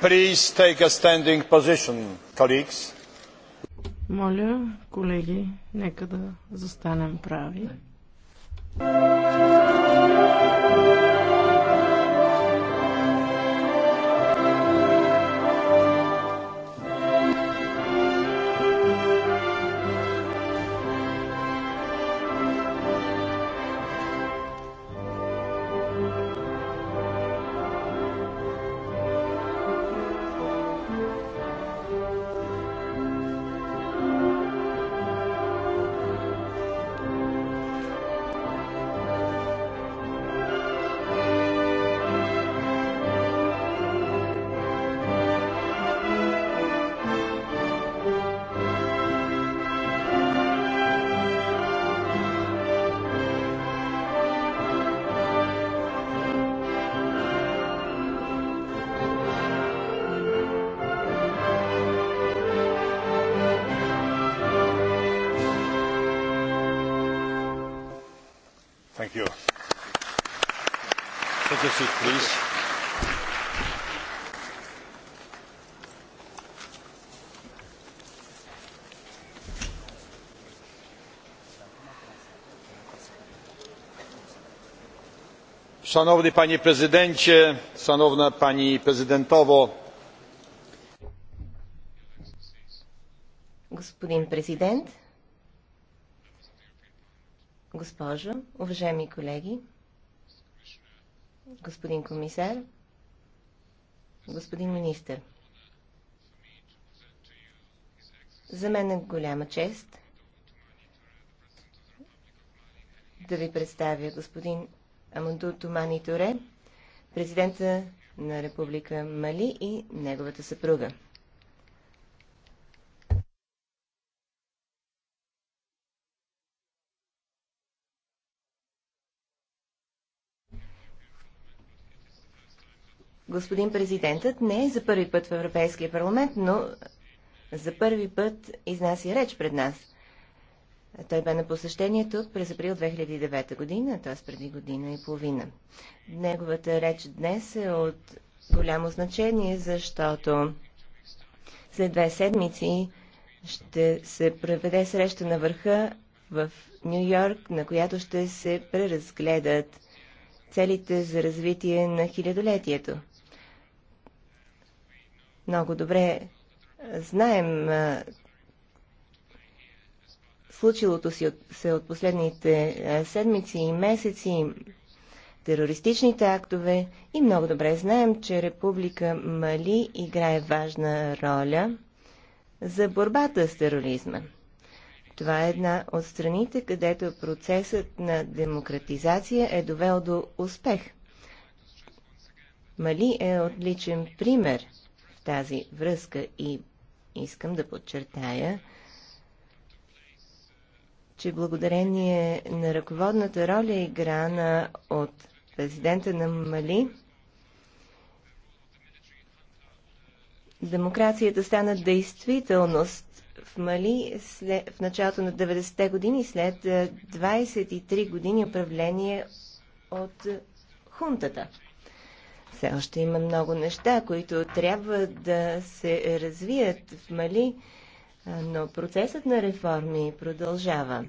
Please take a standing position, colleagues. Моля, колеги, нека да застанем прави. Szanowny panie prezydencie, szanowna pani prezydentowo. Господин президент, госпожо, уважаеми колеги, господин комисар, господин министр. За мен е голяма чест да ви представя господин Аманду Тумани Торе, президента на Република Мали и неговата съпруга. Господин президентът не е за първи път в Европейския парламент, но за първи път изнася реч пред нас. Той бе на посещение тук през април 2009 година, т.е. преди година и половина. Неговата реч днес е от голямо значение, защото след две седмици ще се проведе среща на върха в Нью Йорк, на която ще се преразгледат целите за развитие на хилядолетието много добре знаем случилото си от, се от последните седмици и месеци, терористичните актове и много добре знаем, че Република Мали играе важна роля за борбата с тероризма. Това е една от страните, където процесът на демократизация е довел до успех. Мали е отличен пример – в тази връзка и искам да подчертая, че благодарение на ръководната роля играна от президента на Мали, демокрацията стана действителност в Мали след, в началото на 90-те години, след 23 години управление от хунтата. Все още има много неща, които трябва да се развият в Мали, но процесът на реформи продължава.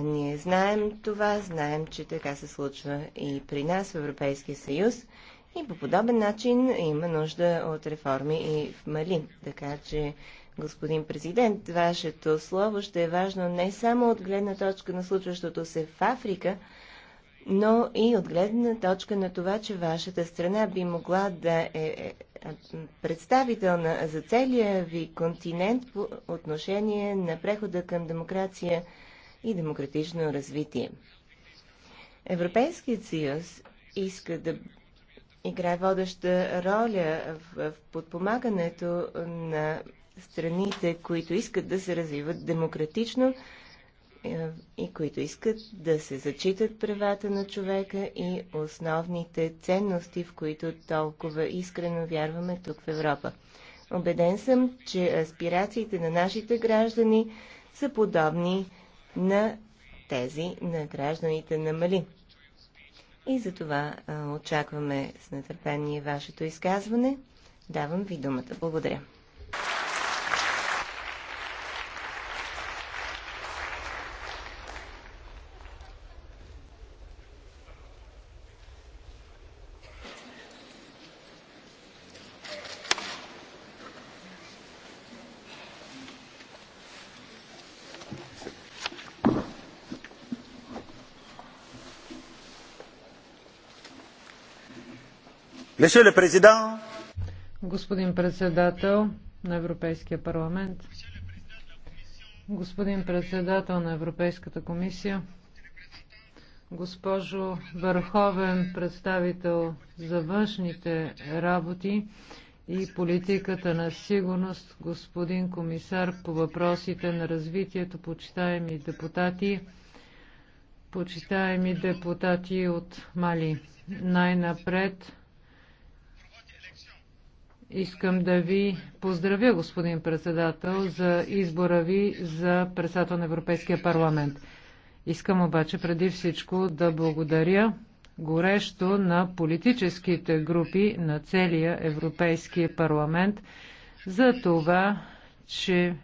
Ние знаем това, знаем, че така се случва и при нас в Европейския съюз и по подобен начин има нужда от реформи и в Мали. Така че, господин президент, вашето слово ще е важно не само от гледна точка на случващото се в Африка, но и от гледна точка на това, че вашата страна би могла да е, е, е представителна за целия ви континент по отношение на прехода към демокрация и демократично развитие. Европейският съюз иска да играе водеща роля в, подпомагането на страните, които искат да се развиват демократично е, и които искат да се зачитат правата на човека и основните ценности, в които толкова искрено вярваме тук в Европа. Обеден съм, че аспирациите на нашите граждани са подобни на тези на гражданите на Мали. И за това очакваме с нетърпение вашето изказване. Давам ви думата. Благодаря. Господин председател на Европейския парламент, господин председател на Европейската комисия, госпожо върховен представител за външните работи и политиката на сигурност, господин комисар по въпросите на развитието, почитаеми депутати, почитаеми депутати от Мали. Най-напред Искам да ви поздравя, господин председател, за избора ви за председател на Европейския парламент. Искам обаче преди всичко да благодаря горещо на политическите групи на целия Европейски парламент за това, че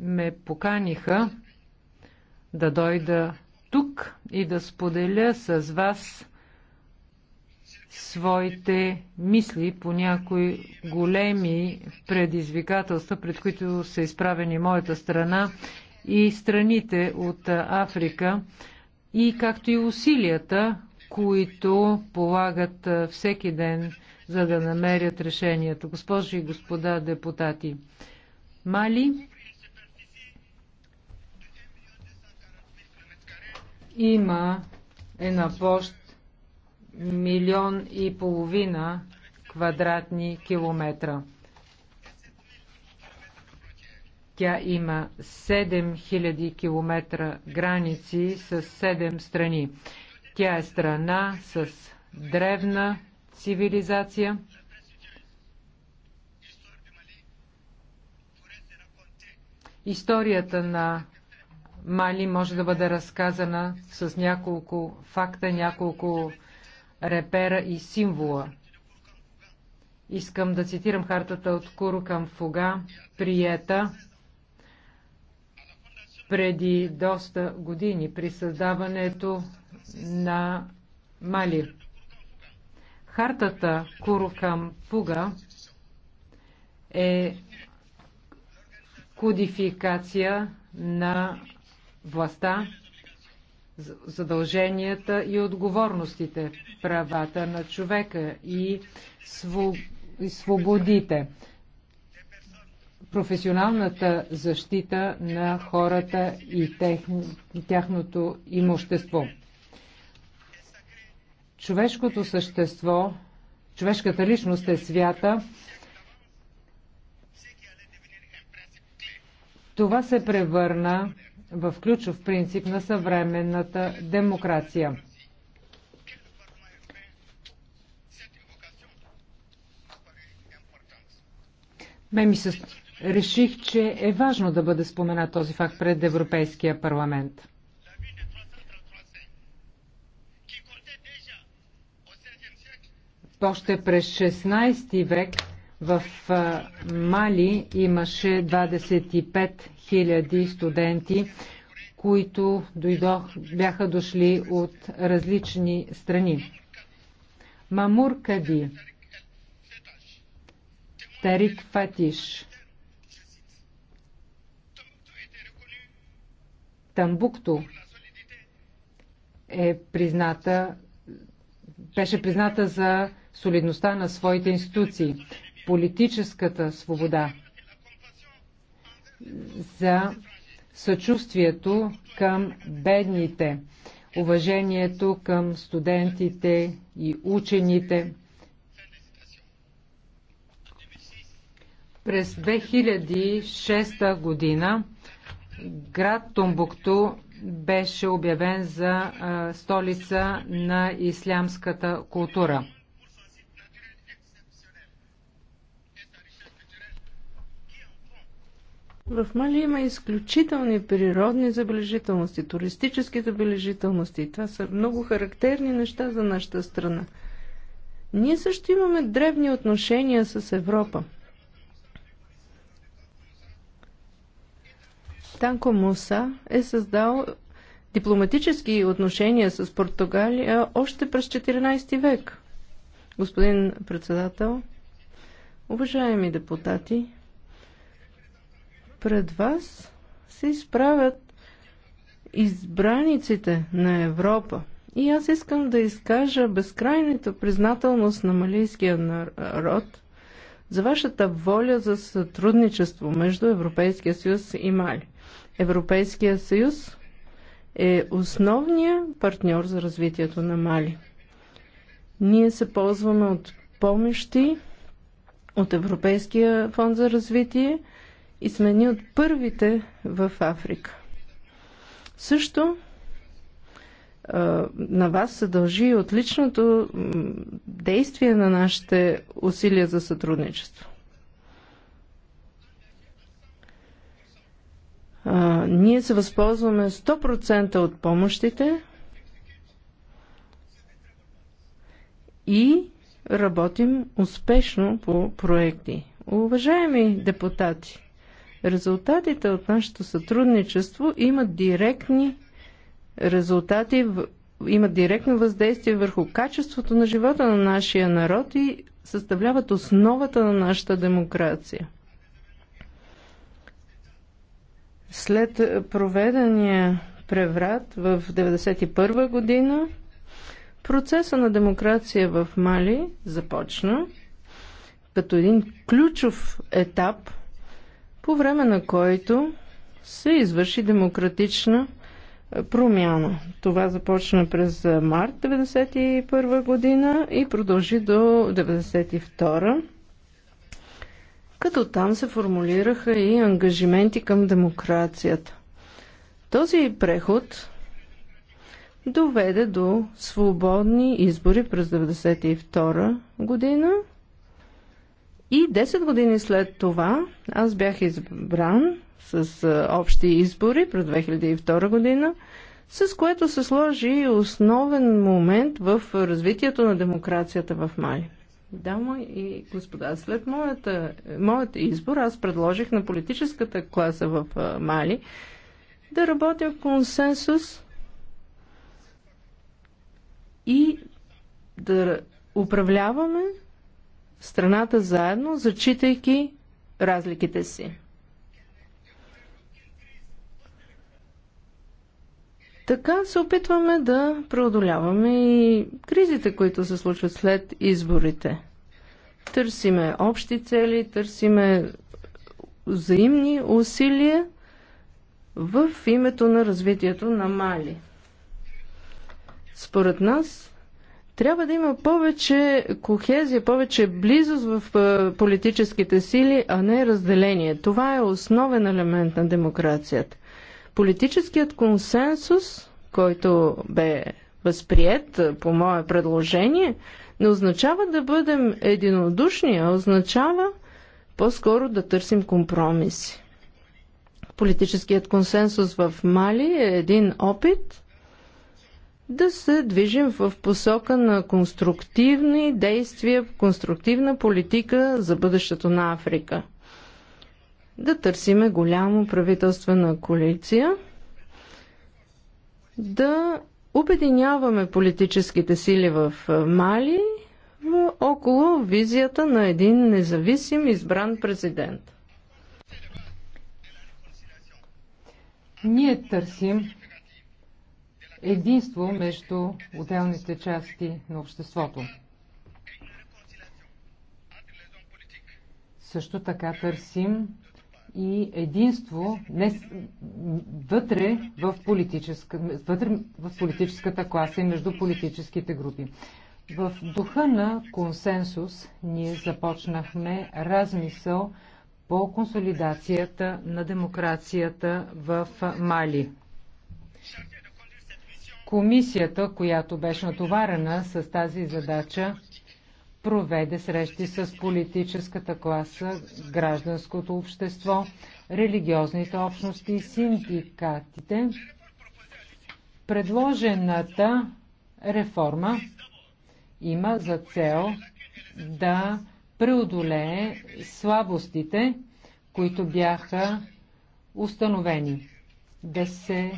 ме поканиха да дойда тук и да споделя с вас своите мисли по някои големи предизвикателства, пред които са изправени моята страна и страните от Африка, и както и усилията, които полагат всеки ден, за да намерят решението. Госпожи и господа депутати, Мали има една площ милион и половина квадратни километра. Тя има 7000 км граници с 7 страни. Тя е страна с древна цивилизация. Историята на Мали може да бъде разказана с няколко факта, няколко репера и символа. Искам да цитирам хартата от Куру към Фуга, приета преди доста години при създаването на Мали. Хартата Куру към Фуга е кодификация на властта задълженията и отговорностите, правата на човека и, свободите, професионалната защита на хората и, и тяхното имущество. Човешкото същество, човешката личност е свята, Това се превърна в ключов принцип на съвременната демокрация. Ме ми се реших, че е важно да бъде споменат този факт пред Европейския парламент. Още през 16 век в Мали имаше 25 000 студенти, които дойдох, бяха дошли от различни страни. Мамур Кади, Тарик Фатиш, Тамбукто е призната, беше призната за солидността на своите институции политическата свобода, за съчувствието към бедните, уважението към студентите и учените. През 2006 година град Томбукту беше обявен за столица на ислямската култура. В Мали има изключителни природни забележителности, туристически забележителности. Това са много характерни неща за нашата страна. Ние също имаме древни отношения с Европа. Танко Муса е създал дипломатически отношения с Португалия още през 14 век. Господин председател, уважаеми депутати, пред вас се изправят избраниците на Европа. И аз искам да изкажа безкрайната признателност на малийския народ за вашата воля за сътрудничество между Европейския съюз и Мали. Европейския съюз е основният партньор за развитието на Мали. Ние се ползваме от помощи от Европейския фонд за развитие – и сме ни от първите в Африка. Също на вас се дължи отличното действие на нашите усилия за сътрудничество. ние се възползваме 100% от помощите и работим успешно по проекти. Уважаеми депутати, Резултатите от нашето сътрудничество имат директни резултати, имат директно въздействие върху качеството на живота на нашия народ и съставляват основата на нашата демокрация. След проведения преврат в 1991 година, процеса на демокрация в Мали започна като един ключов етап – по време на който се извърши демократична е, промяна. Това започна през е, март 1991 година и продължи до 1992 като там се формулираха и ангажименти към демокрацията. Този преход доведе до свободни избори през 1992 година и 10 години след това аз бях избран с общи избори през 2002 година, с което се сложи основен момент в развитието на демокрацията в Мали. Дама и господа, след моята, моят избор аз предложих на политическата класа в Мали да работя в консенсус и да управляваме страната заедно, зачитайки разликите си. Така се опитваме да преодоляваме и кризите, които се случват след изборите. Търсиме общи цели, търсиме взаимни усилия в името на развитието на Мали. Според нас трябва да има повече кохезия, повече близост в политическите сили, а не разделение. Това е основен елемент на демокрацията. Политическият консенсус, който бе възприят по мое предложение, не означава да бъдем единодушни, а означава по-скоро да търсим компромиси. Политическият консенсус в Мали е един опит да се движим в посока на конструктивни действия, конструктивна политика за бъдещето на Африка. Да търсиме голямо правителствена коалиция, да обединяваме политическите сили в Мали около визията на един независим избран президент. Ние търсим единство между отделните части на обществото. Също така търсим и единство не, вътре, в политическа, вътре в политическата класа и между политическите групи. В духа на консенсус ние започнахме размисъл по консолидацията на демокрацията в Мали. Комисията, която беше натоварена с тази задача, проведе срещи с политическата класа, гражданското общество, религиозните общности и синдикатите. Предложената реформа има за цел да преодолее слабостите, които бяха установени, да се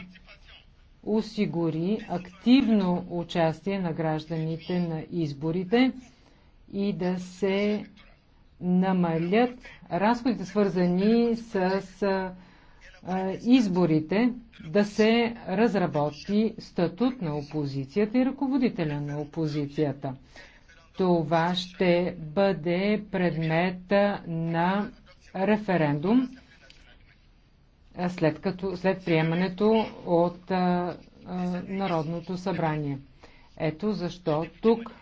осигури активно участие на гражданите на изборите и да се намалят разходите, свързани с изборите, да се разработи статут на опозицията и ръководителя на опозицията. Това ще бъде предмета на референдум след, като, след приемането от а, а, Народното събрание. Ето защо тук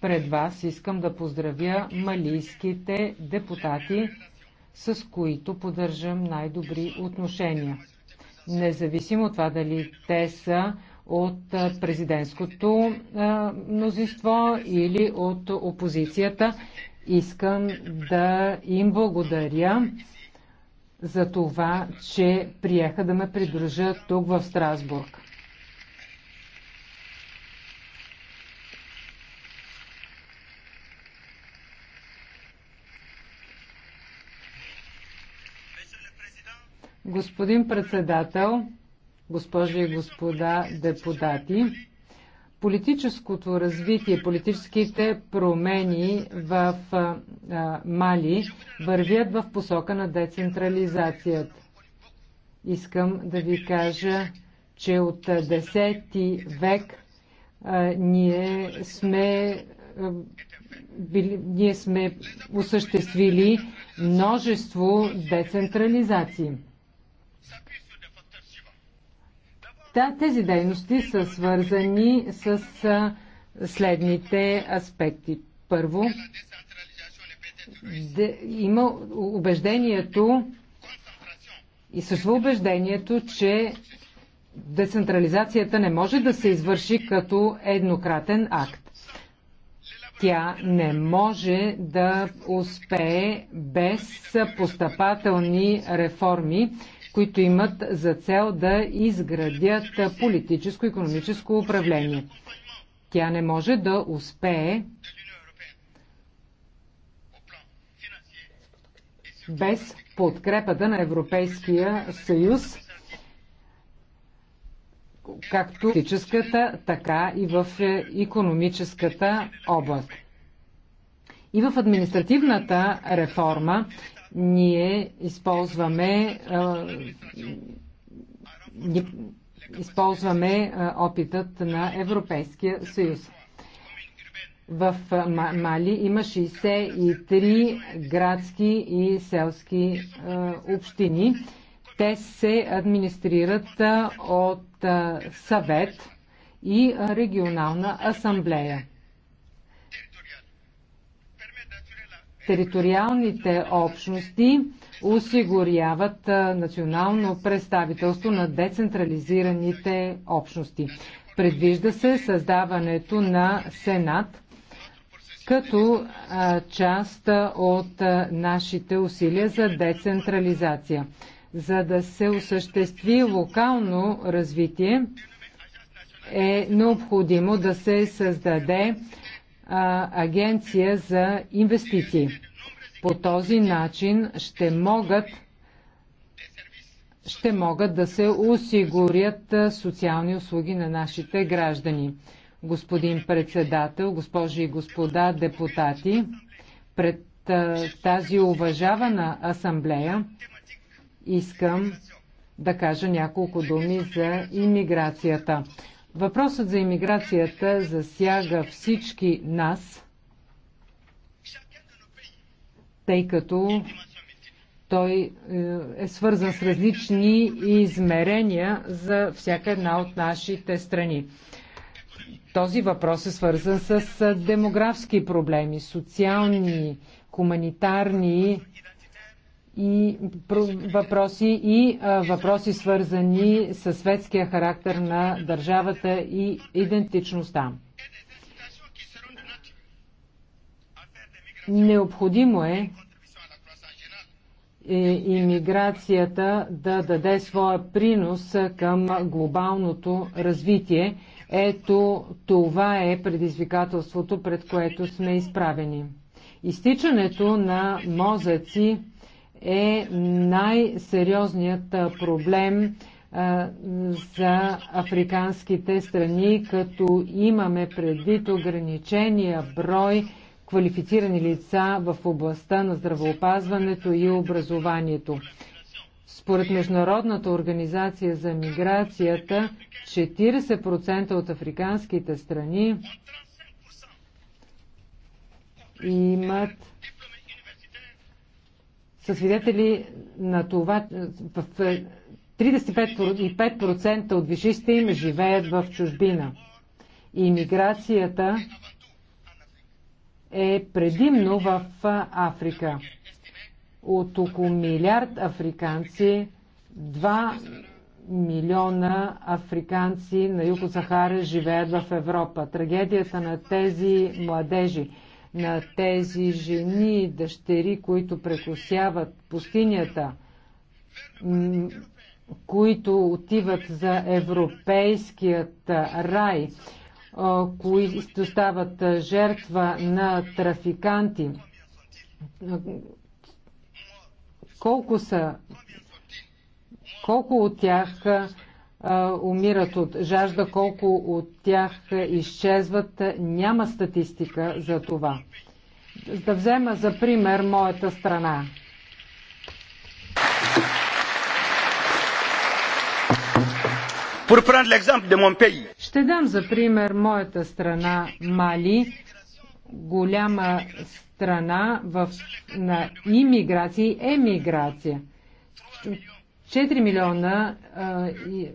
пред вас искам да поздравя малийските депутати, с които поддържам най-добри отношения. Независимо от това дали те са от президентското а, мнозинство или от опозицията, искам да им благодаря за това, че приеха да ме придружат тук в Страсбург. Господин председател, госпожи и господа депутати, политическото развитие, политическите промени в Мали вървят в посока на децентрализацията. Искам да ви кажа, че от 10 век а, ние сме а, били, ние сме осъществили множество децентрализации. Та, тези дейности са свързани с следните аспекти. Първо, де, има убеждението и също убеждението, че децентрализацията не може да се извърши като еднократен акт. Тя не може да успее без постъпателни реформи които имат за цел да изградят политическо-економическо управление. Тя не може да успее без подкрепата на Европейския съюз, както в политическата, така и в економическата област. И в административната реформа ние използваме, използваме опитът на Европейския съюз. В Мали има 63 градски и селски общини. Те се администрират от съвет и регионална асамблея. Териториалните общности осигуряват национално представителство на децентрализираните общности. Предвижда се създаването на Сенат като част от нашите усилия за децентрализация. За да се осъществи локално развитие, е необходимо да се създаде агенция за инвестиции. По този начин ще могат ще могат да се осигурят социални услуги на нашите граждани. Господин председател, госпожи и господа депутати, пред тази уважавана асамблея искам да кажа няколко думи за иммиграцията. Въпросът за иммиграцията засяга всички нас, тъй като той е, е свързан с различни измерения за всяка една от нашите страни. Този въпрос е свързан с е, демографски проблеми, социални, хуманитарни и въпроси и а, въпроси свързани с светския характер на държавата и идентичността. Необходимо е, е имиграцията да даде своя принос към глобалното развитие. Ето това е предизвикателството, пред което сме изправени. Изтичането на мозъци е най-сериозният проблем за африканските страни, като имаме предвид ограничения брой квалифицирани лица в областта на здравеопазването и образованието. Според Международната организация за миграцията, 40% от африканските страни имат са свидетели на това, в 35% от вишистите им живеят в чужбина. Имиграцията е предимно в Африка. От около милиард африканци, 2 милиона африканци на юго Сахара живеят в Европа. Трагедията на тези младежи – на тези жени и дъщери, които прекусяват пустинята, които отиват за европейският рай, които стават жертва на трафиканти. Колко са? Колко от тях умират от жажда, колко от тях изчезват, няма статистика за това. Да взема за пример моята страна. Ще дам за пример моята страна Мали, голяма страна в, на имиграция и емиграция. 4 милиона а, и,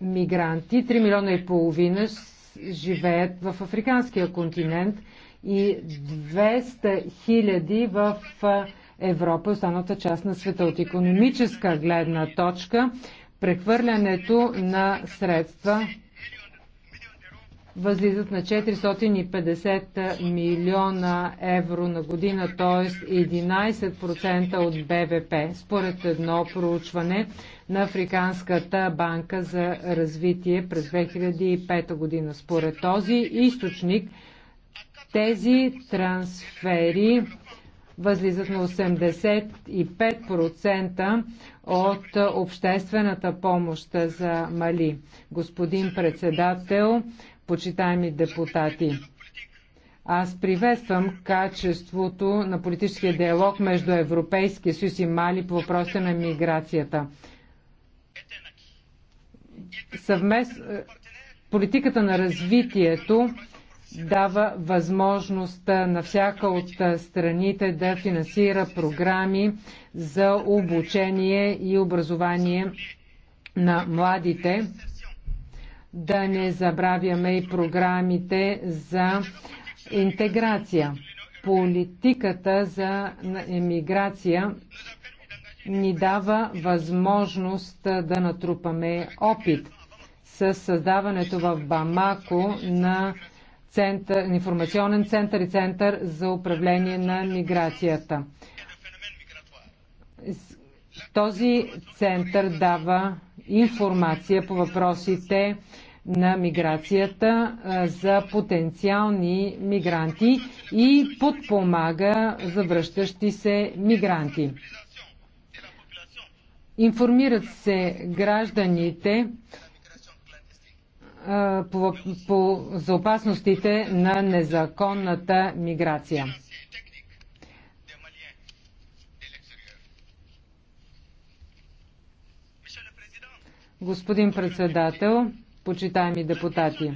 мигранти, 3 милиона и половина живеят в африканския континент и 200 хиляди в Европа, останалата част на света. От економическа гледна точка, прехвърлянето на средства възлизат на 450 милиона евро на година, т.е. 11% от БВП, според едно проучване на Африканската банка за развитие през 2005 година. Според този източник, тези трансфери възлизат на 85% от обществената помощ за Мали. Господин председател, почитаеми депутати. Аз приветствам качеството на политическия диалог между Европейския съюз и Мали по въпроса на миграцията. Съвмест... Е, политиката на развитието дава възможност на всяка от страните да финансира програми за обучение и образование на младите да не забравяме и програмите за интеграция. Политиката за емиграция ни дава възможност да натрупаме опит с създаването в Бамако на център, информационен център и център за управление на миграцията. Този център дава информация по въпросите на миграцията за потенциални мигранти и подпомага завръщащи се мигранти. Информират се гражданите по, по, за опасностите на незаконната миграция. Господин председател, почитаеми депутати.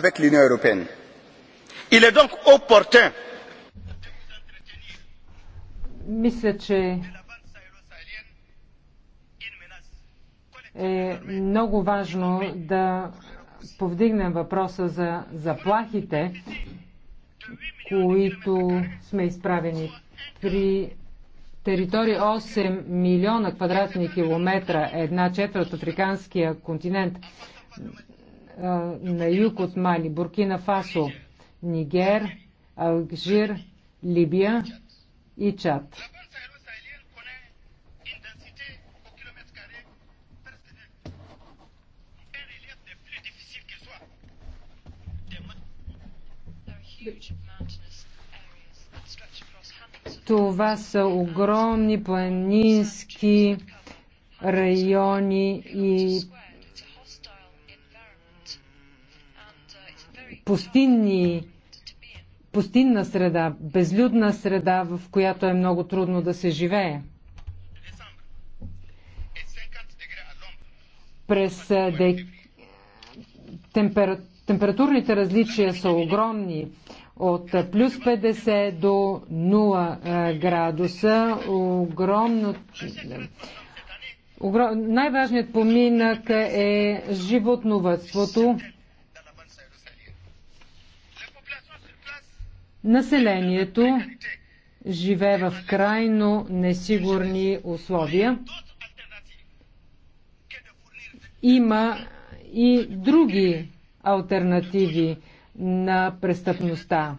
Avec l'Union européenne. Il est donc opportun. Мисля, че е много важно да повдигнем въпроса за заплахите, които сме изправени при територия 8 милиона квадратни километра, една четвърт африканския континент на юг от Мали, Буркина Фасо, Нигер, Алжир, Либия и Чад. Това са огромни планински райони и пустинни, пустинна среда, безлюдна среда, в която е много трудно да се живее. През дек... температурните различия са огромни от плюс 50 до 0 е, градуса. Огромно... Огром... Най-важният поминък е животновътството. Населението живее в крайно несигурни условия. Има и други альтернативи на престъпността.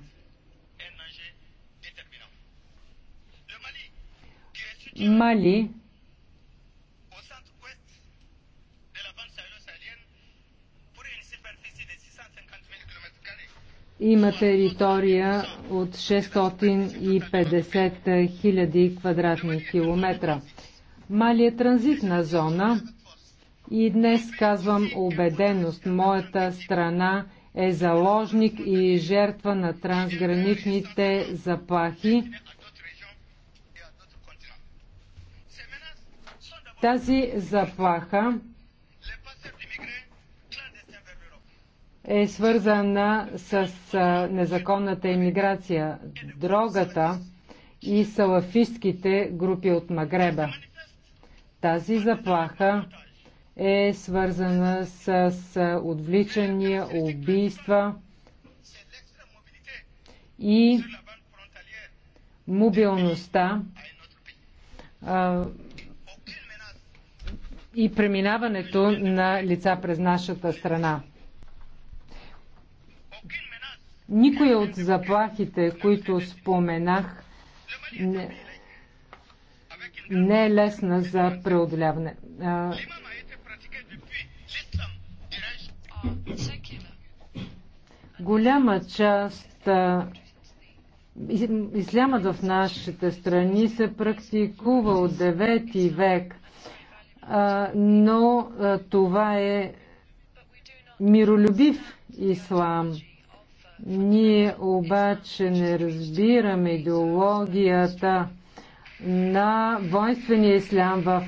Мали има територия от 650 000 квадратни километра. Мали е транзитна зона и днес казвам убеденост. Моята страна е заложник и жертва на трансграничните заплахи. Тази заплаха е свързана с незаконната иммиграция, дрогата и салафистските групи от Магреба. Тази заплаха е свързана с отвличания, убийства и мобилността а, и преминаването на лица през нашата страна. Никой от заплахите, които споменах, не, не е лесна за преодоляване. А, Голяма част Ислямът в нашите страни се практикува от 9 век, но това е миролюбив ислам. Ние обаче не разбираме идеологията на воинствения ислам в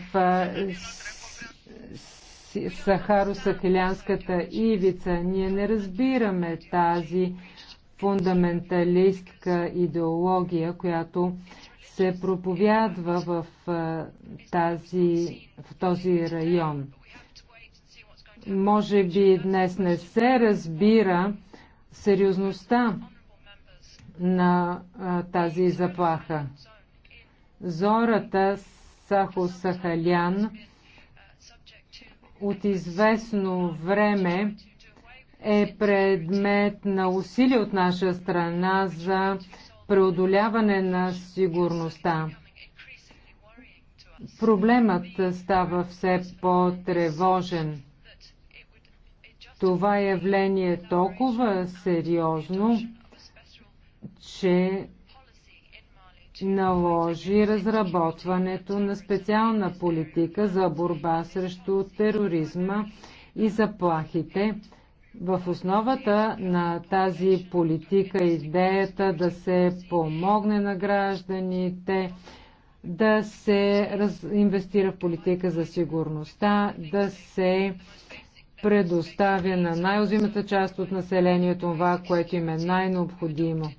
Сахаро-Сахилянската ивица. Ние не разбираме тази фундаменталистка идеология, която се проповядва в, тази, в този район. Може би днес не се разбира сериозността на тази заплаха. Зората Сахо Сахалян от известно време е предмет на усилия от наша страна за преодоляване на сигурността. Проблемът става все по-тревожен. Това явление е толкова сериозно, че наложи разработването на специална политика за борба срещу тероризма и заплахите. В основата на тази политика идеята да се помогне на гражданите, да се раз... инвестира в политика за сигурността, да се предоставя на най-озимата част от населението това, което им е най-необходимо.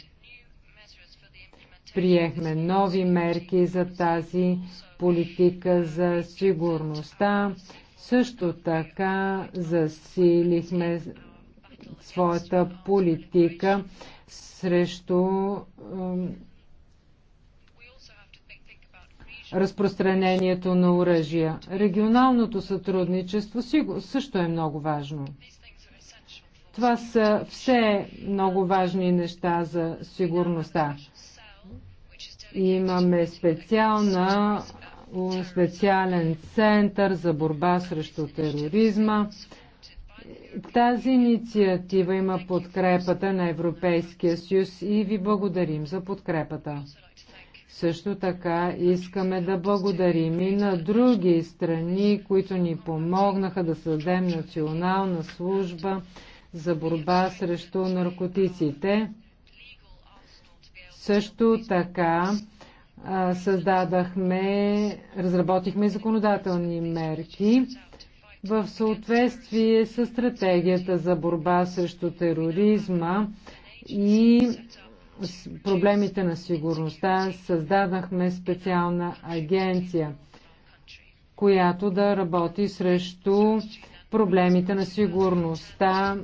Приехме нови мерки за тази политика за сигурността. Също така засилихме своята политика срещу разпространението на оръжия. Регионалното сътрудничество също е много важно. Това са все много важни неща за сигурността. Имаме специална, специален център за борба срещу тероризма. Тази инициатива има подкрепата на Европейския съюз и ви благодарим за подкрепата. Също така искаме да благодарим и на други страни, които ни помогнаха да създадем национална служба за борба срещу наркотиците. Също така създадахме, разработихме законодателни мерки в съответствие с стратегията за борба срещу тероризма и проблемите на сигурността създадахме специална агенция, която да работи срещу проблемите на сигурността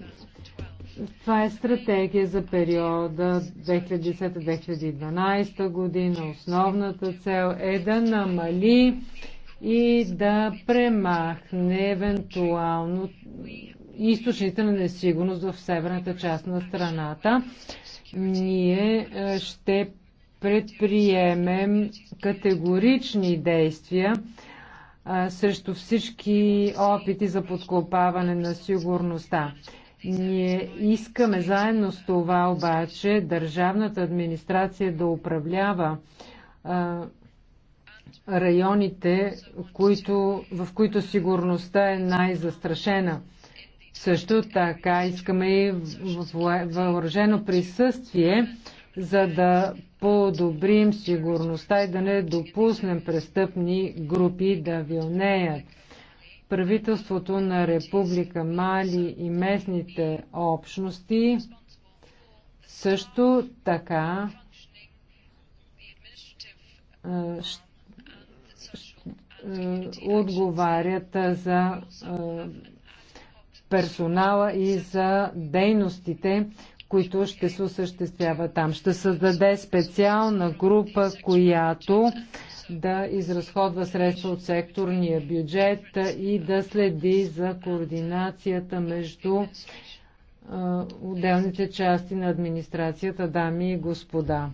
това е стратегия за периода 2010-2012 година. Основната цел е да намали и да премахне евентуално източните на несигурност в северната част на страната. Ние е, ще предприемем категорични действия е, срещу всички опити за подкопаване на сигурността. Ние искаме заедно с това обаче държавната администрация да управлява а, районите, които, в които сигурността е най-застрашена. Също така искаме и въоръжено присъствие, за да подобрим сигурността и да не допуснем престъпни групи да вилнеят правителството на Република Мали и местните общности също така отговарят за персонала и за дейностите, които ще се осъществяват там. Ще създаде специална група, която да изразходва средства от секторния бюджет и да следи за координацията между отделните части на администрацията, дами и господа.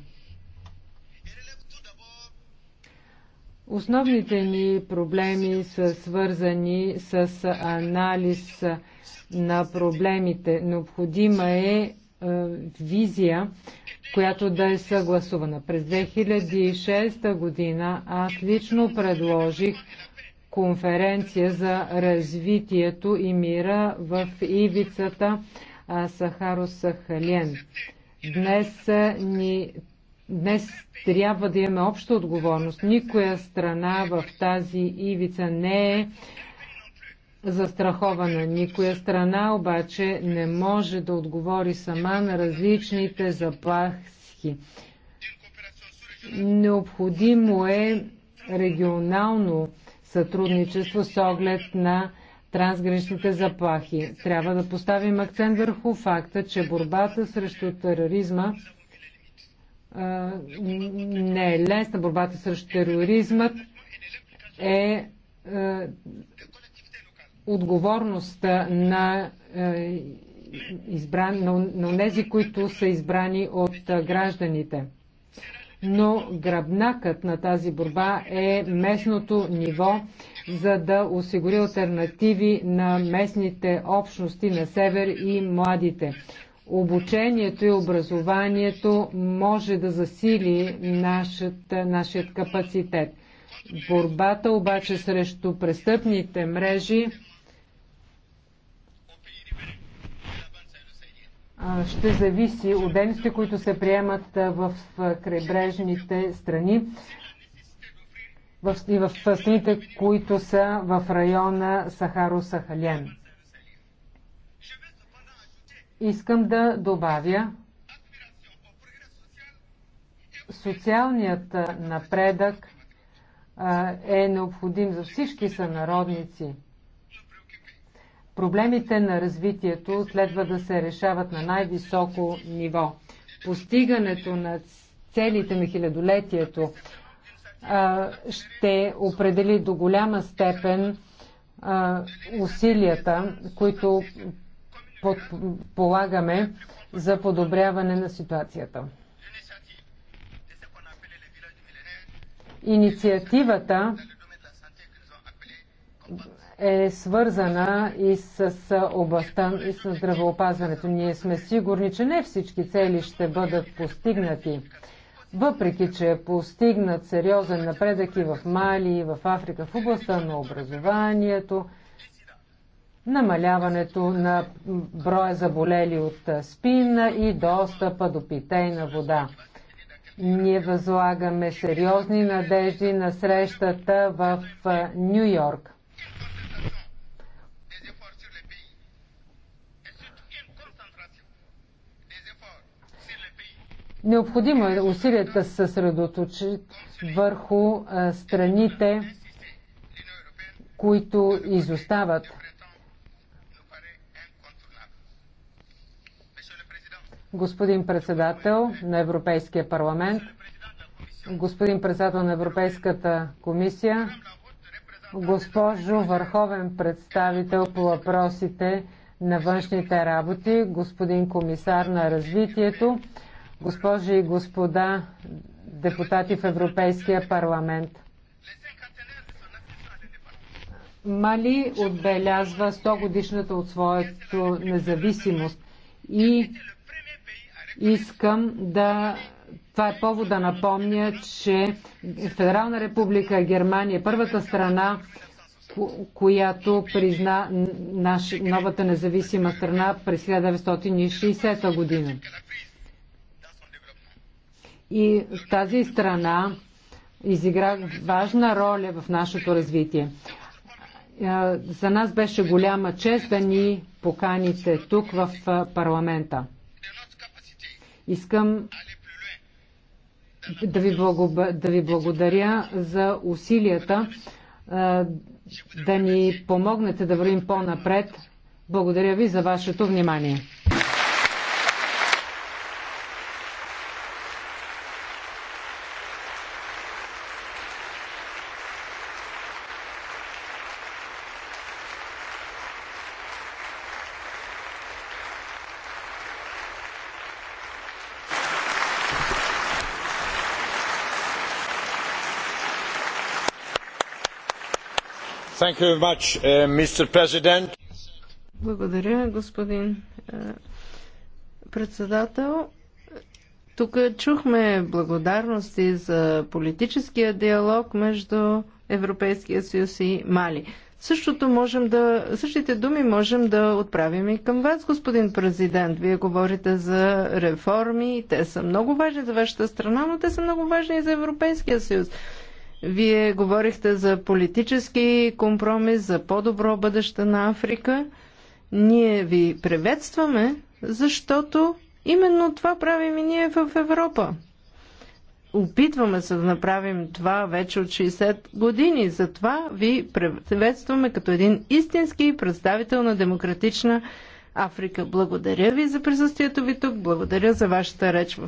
Основните ни проблеми са свързани с анализ на проблемите. Необходима е е, визия, която да е съгласувана. През 2006 година аз лично предложих конференция за развитието и мира в ивицата Сахаро-Сахалиен. Днес, е, ни, днес трябва да имаме обща отговорност. Никоя страна в тази ивица не е застрахована. Никоя страна обаче не може да отговори сама на различните заплахи. Необходимо е регионално сътрудничество с оглед на трансграничните заплахи. Трябва да поставим акцент върху факта, че борбата срещу тероризма а, не е лесна. Борбата срещу тероризмът е отговорността на е, избран, на, тези, които са избрани от е, гражданите. Но гръбнакът на тази борба е местното ниво, за да осигури альтернативи на местните общности на север и младите. Обучението и образованието може да засили нашият, нашият капацитет. Борбата обаче срещу престъпните мрежи ще зависи от дейности, които се приемат в крайбрежните страни и в страните, които са в района Сахаро-Сахален. Искам да добавя социалният напредък е необходим за всички сънародници. Проблемите на развитието следва да се решават на най-високо ниво. Постигането на целите на хилядолетието ще определи до голяма степен усилията, които полагаме за подобряване на ситуацията. Инициативата е свързана и с областта и с здравеопазването. Ние сме сигурни, че не всички цели ще бъдат постигнати. Въпреки, че е постигнат сериозен напредък и в Мали, и в Африка, в областта на образованието, намаляването на броя заболели от спина и достъпа до питейна вода. Ние възлагаме сериозни надежди на срещата в Нью Йорк. Необходимо е усилията се съсредоточат върху страните, които изостават. Господин председател на Европейския парламент, господин председател на Европейската комисия, госпожо върховен представител по въпросите на външните работи, господин комисар на развитието, госпожи и господа депутати в Европейския парламент. Мали отбелязва 100 годишната от своето независимост и искам да това е повод да напомня, че Федерална република Германия е първата страна, която призна наш, новата независима страна през 1960 година. И тази страна изигра важна роля в нашето развитие. За нас беше голяма чест да ни поканите тук в парламента. Искам да ви, благоб... да ви благодаря за усилията да ни помогнете да вървим по-напред. Благодаря ви за вашето внимание. Uh, Благодаря, господин председател. Тук чухме благодарности за политическия диалог между Европейския съюз и Мали. Същото можем да, същите думи можем да отправим и към вас, господин президент. Вие говорите за реформи, те са много важни за вашата страна, но те са много важни и за Европейския съюз. Вие говорихте за политически компромис, за по-добро бъдеще на Африка. Ние ви приветстваме, защото именно това правим и ние в Европа. Опитваме се да направим това вече от 60 години. Затова ви приветстваме като един истински представител на демократична Африка. Благодаря ви за присъствието ви тук. Благодаря за вашата реч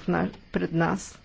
пред нас.